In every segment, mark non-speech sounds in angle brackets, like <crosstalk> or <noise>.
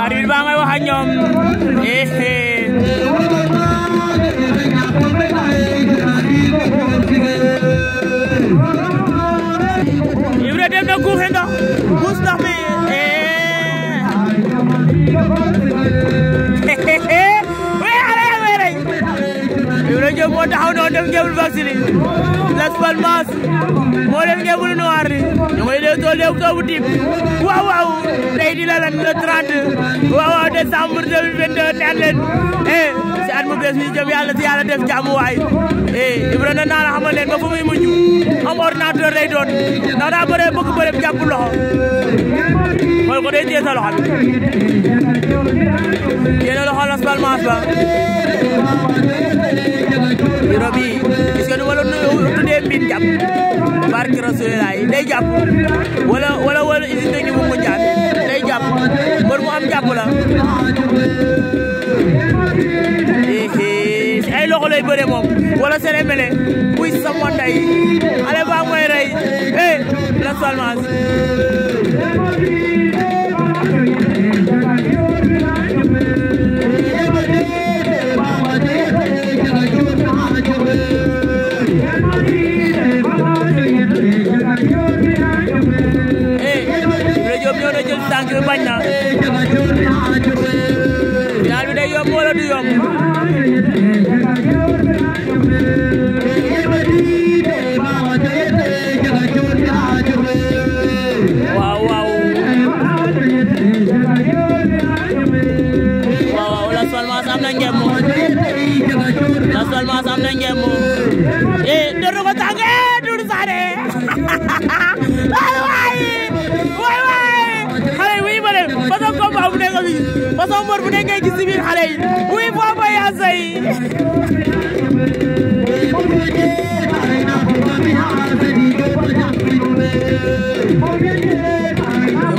arbitre baa ngay wax ak ñoom Diop moo taxaw noonu def ngeebul vaccine Las Palmas moo def ngeebul noir li ñu ngi lay tool def toobu dib waaw waaw tey di la lan le 30 waaw waaw décembre 2022 teer leen eh si at mu bees mi jëm yàlla si yàlla def jàmm waay eh Ibra na naa la xamal leen ba fu muy mujj am ordinateur lay doon ndax daa bëree bëgg bëre jàpp loxo xool ko day téye sa loxo bi yéen a loxo Las Palmas ba bi rob yi gis nga nu ma la tuddee mbin jàpp barke Rasulullah day jàpp wala wala wala indi na ñu mu ko jàpp day jàpp mu am jàpp la si ay loxo lay moom wala sere mele buy samonda yi ale baa mooy rey eh la salmance Thank bye now. façon mbër bu ne ngay gis ci xale yi muy Fapal yaa sey.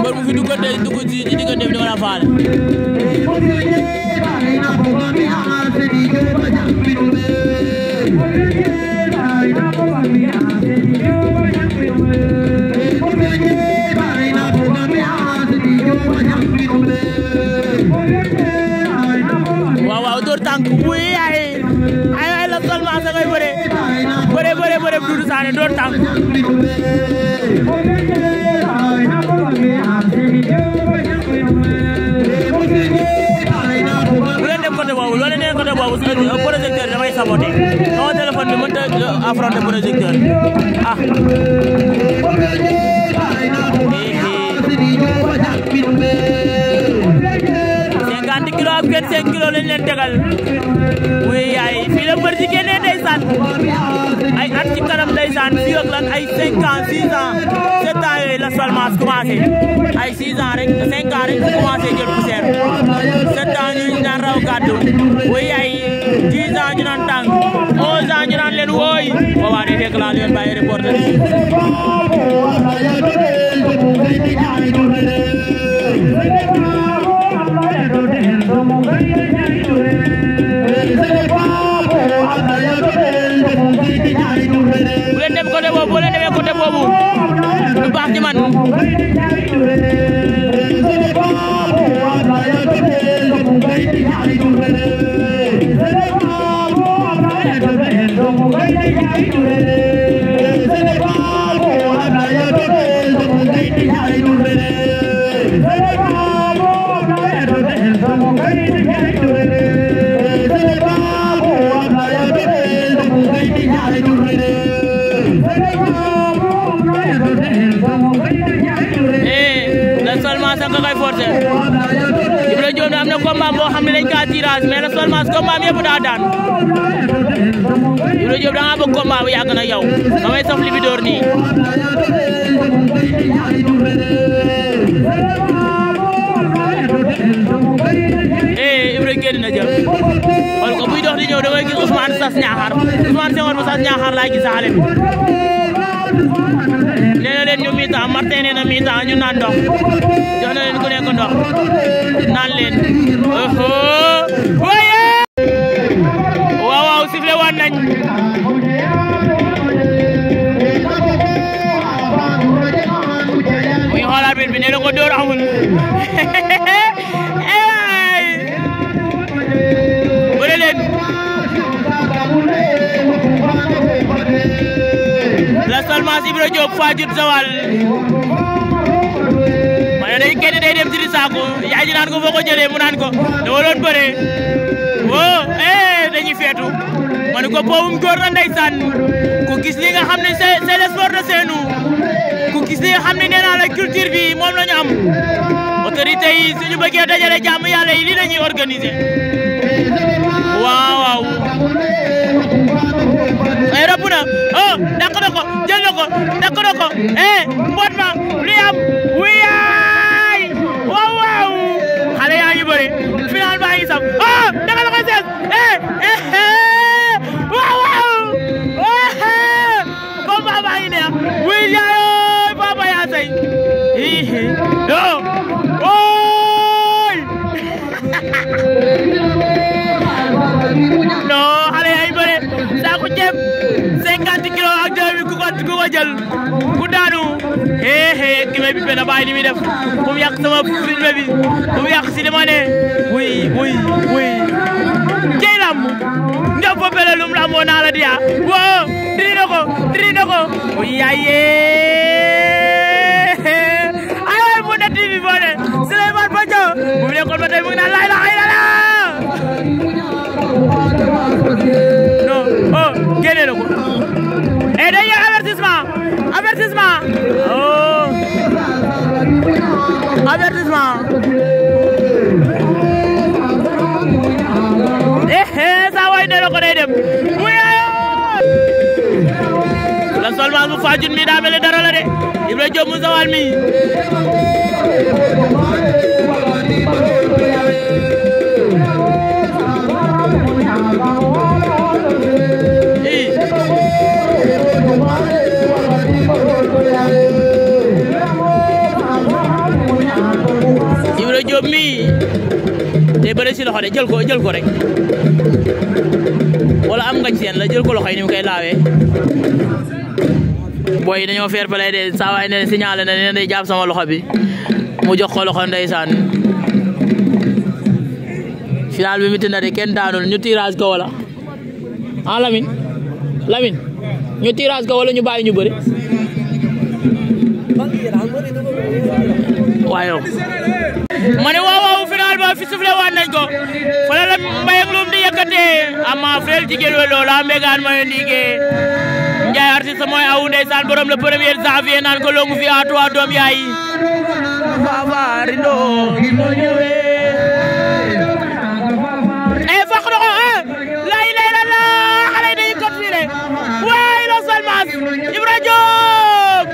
mbër bu fi duggoon tey dugg ci ci diggante bi dama la faale. Doudou Sané doon tànk bu leen dem côté boobu loolu neen côté boobu seen projecteur dafay saboté sama téléphone bi mën ta affronté projecteur ah cinquante kilo ak vingt-cinq kilo lañ leen tegal muy yaay fii la mbër ji I at Kikaram days and few o'clock I think I see the Seta La Salmas Kumasi. I see the Rick, the same car in Kumasi Jerusalem. Seta Nina Raukatu. We I Jesus Ajunan Tang. All the Ajunan Lenwoi. Oh, I did a clan by reporters. bu leen dem côté boobu bu leen demee côté boobu lu baax ci man combat boo xam ne dañ kaa tirage mais nag seulement combat bi yëpp daa daan Ibrahima Diop da ngaa bëgg combat bu yàgg na yow ba may sof li bi door nii. Eh, ko buy dox di ñëw da ngay gis Ousmane Sass Niakhar Ousmane Senghor bu Sass Niakhar leen ñu mi-temps na mi ñu naan ndox jox leen ku nekk ndox naan leen waaye waaw waaw sifflé waat nañ muy xoolaat bi nee na ko dóor amul <laughs> Mass Ibra Diop Fadiouth Joal ma ne day kenn day dem Siri Saako yaay ji naan ko foo ko jëlee mu naan ko dama doon bëree woo eh dañuy feetu ma ne ko poowum góor la ndeysaan ku gis li nga xam ne c'est c'est le ku gis li nga xam ne nee la culture bi moom la ñu am autorité yi suñu bëggee dajale jàmm yàlla yi li la ñuy organiser waaw waaw ay eh, rëbb na oh, ko takk na ko eh mboot ma luy am wiyaay waaw waaw xale yaa ngi bëri final baa ngi saf ah oh, danga la ko sees eh, eh eh waaw waaw eh, eh. combat baa ngi neex wiyaay papa yaa say bi benn bàyyi li def bu mu yàq sama bi bu mu yàq si li ma ne wuy wuy wuy jey lam njop bele lum la moo naa la diya wo diri na ko diri na Ambulance bu Fadiouth mi daa mel dara la de Ibra Diop mu Joal mi te bëre loxo de jël ko jël ko rek wala am nga ci seen la jël ko loxo yi ni mu koy boy yi dañoo fair play de saa waay ne signalé na ne sama loxo bi mu jox ko loxo ndeysaan final bi miti na de kenn daanul ñu tirage ko wala ah Lamine Lamine ñu tirage ko wala ñu bàyyi ñu bëri waaye yow ma ne waaw waaw final ba fi nañ ko fala la mbay ak di yëkkatee ama frère jigéen we loola mbegaan ma ne ndiigee yaay artiste mooy aw ndeysaan borom le premier janvier naan fi à toi doom yaay favarindo kimo ñëwé eh fakk na ko eh la ilaha illallah xale yi dañuy kot fii de waay lo salmas Ibra Diop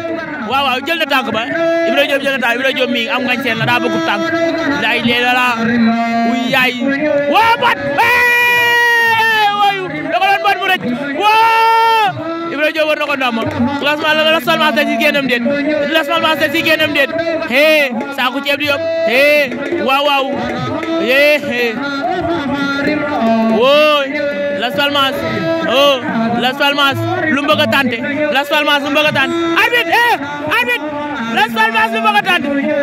waaw waaw jël na na daa bëgg tànk la ilaha illallah uy yaay waa bat eh wayu da ko doon Boy Diop war na ko ndombo classement la la seulement sa ci génnam déet la seulement sa hee saako ceeb di hee waaw hee hee wooy Las Palmas oh Las Palmas lu mu a Las Palmas lu mu bëgg a tànte arbitre hee eh, arbitre Las Palmas lu mu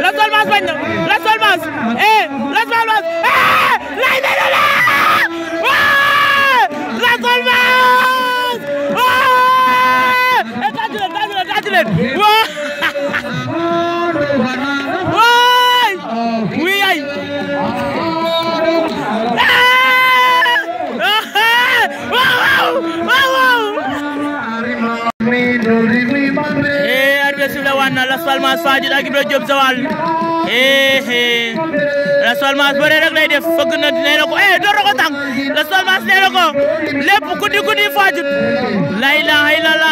Las Palmas bañ na Las Palmas hee eh, Las Palmas eh. Wah, Woi, wih ay. la la la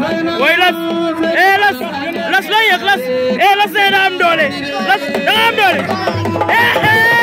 way las eh las las la las eh las eh, da am doole las da doole eh, eh.